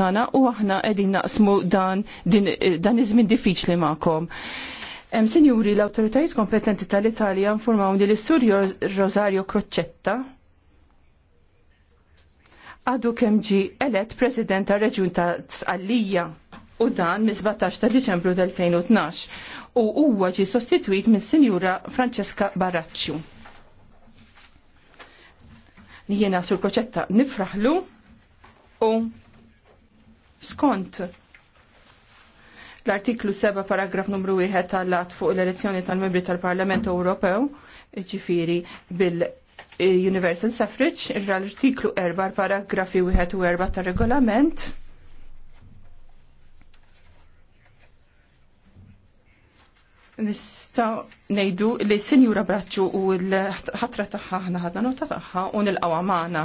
tana u aħna qegħdin naqsmu dan din, dan iż-żmien diffiċli magħkom. Em sinjuri l-awtoritajiet kompetenti tal-Italja informawni li sur Rosario Crocetta għadu kemm elet elett President ta' Reġjun ta' Tsqallija u dan mis-17 ta' Diċembru 2012 u huwa ġi sostitwit minn Sinjura Francesca Baracciu. Jiena sur Crocetta nifraħlu u skont l-artiklu 7 paragraf numru 1 tal-lat fuq l-elezzjoni tal-membri tal-Parlament Ewropew, ġifiri bil-Universal Suffrage, l-artiklu 4 paragrafi 1 u 4 tal-regolament, Nistaw nejdu li s-senjura braċċu u l-ħatra taħħa ħna ħadna nota taħħa u nil-qawa maħna.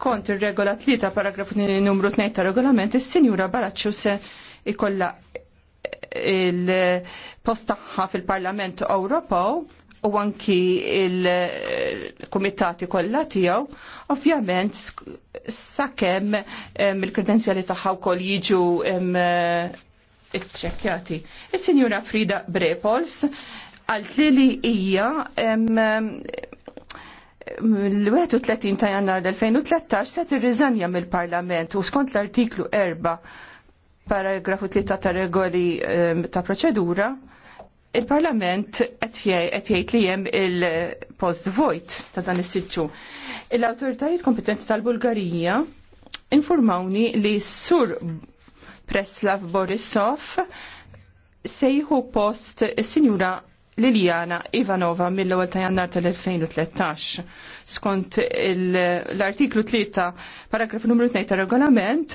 Kont ir-regola tlita paragrafu numru 2 ta' regolament is-Sinjura Baracċu se ikolla il-post tagħha fil-Parlament Ewropew u anki il-kumitati kollha tiegħu, ovvjament sakemm il-kredenzjali tagħha wkoll jiġu iċċekkjati. Is-Sinjura Frida Brepols għalt li hija l-31 ta' jannar 2013 se tirriżanja mill-Parlament u skont l-artiklu 4 paragrafu 3 ta' regoli ehm, ta' proċedura, il-Parlament qed jgħid li hemm il-post vojt ta' dan is-siġġu. Il-awtoritajiet kompetenti tal-Bulgarija informawni li sur Preslav Borisov sejħu post is-Sinjura Liliana Ivanova mill-ewwel ta' jannar tal-2013. Skont l-artiklu 3 paragraf numru 2 ta' regolament,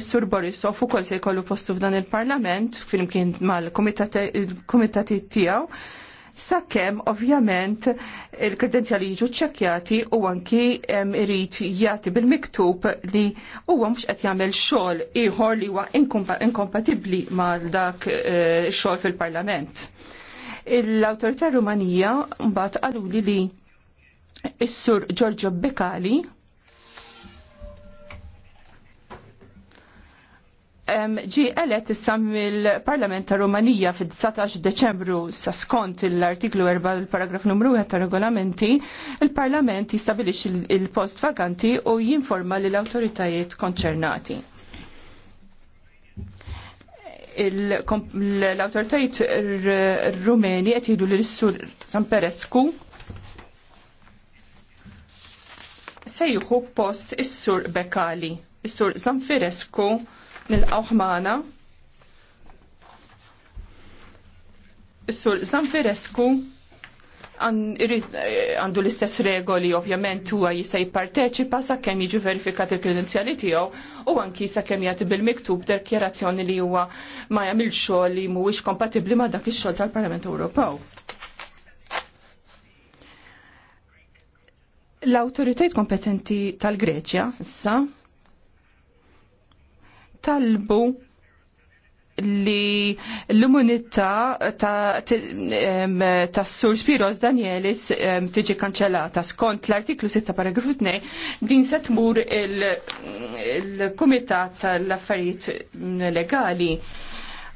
Is-Sur Borisov ukoll se jkollu postu f'dan il-Parlament flimkien mal-kumitati tiegħu sakemm ovvjament il-kredenzjali jiġu ċċekkjati u anki irid jagħti bil-miktub li huwa mhux qed jagħmel xogħol ieħor li huwa inkompatibbli mal dak eh, xogħol fil-Parlament. L-autorità Rumanija mbagħad qaluli li s sur Giorgio Bekali ġi elet issa mill-Parlament ta' Rumanija fid-19 Deċembru sa skont l-artiklu 4 l-paragraf numru 1 ta' regolamenti, il-Parlament jistabilix il-post vaganti u jinforma l-autoritajiet konċernati l-autoritajt rumeni qed jgħidu li l-sur Samperescu sejħu post is-sur Bekali. Is-sur Zamfirescu nilqgħu ħmana. Is-sur Zamfirescu Eh, għandu l-istess regoli ovvjament huwa jista' jipparteċipa sakemm jiġu verifikat il-kredenzjali tiegħu u anki sakemm jagħti bil-miktub dekjerazzjoni li huwa ma jagħmel xogħol li mhuwiex kompatibbli ma' dak ix-xogħol tal-Parlament Ewropew. L-awtoritajiet kompetenti tal-Greċja issa talbu li l-immunità ta' Sur Spiros Danielis tiġi kanċellata skont l-artiklu 6 paragrafu 2 din se tmur il-Kumitat tal-Affarijiet Legali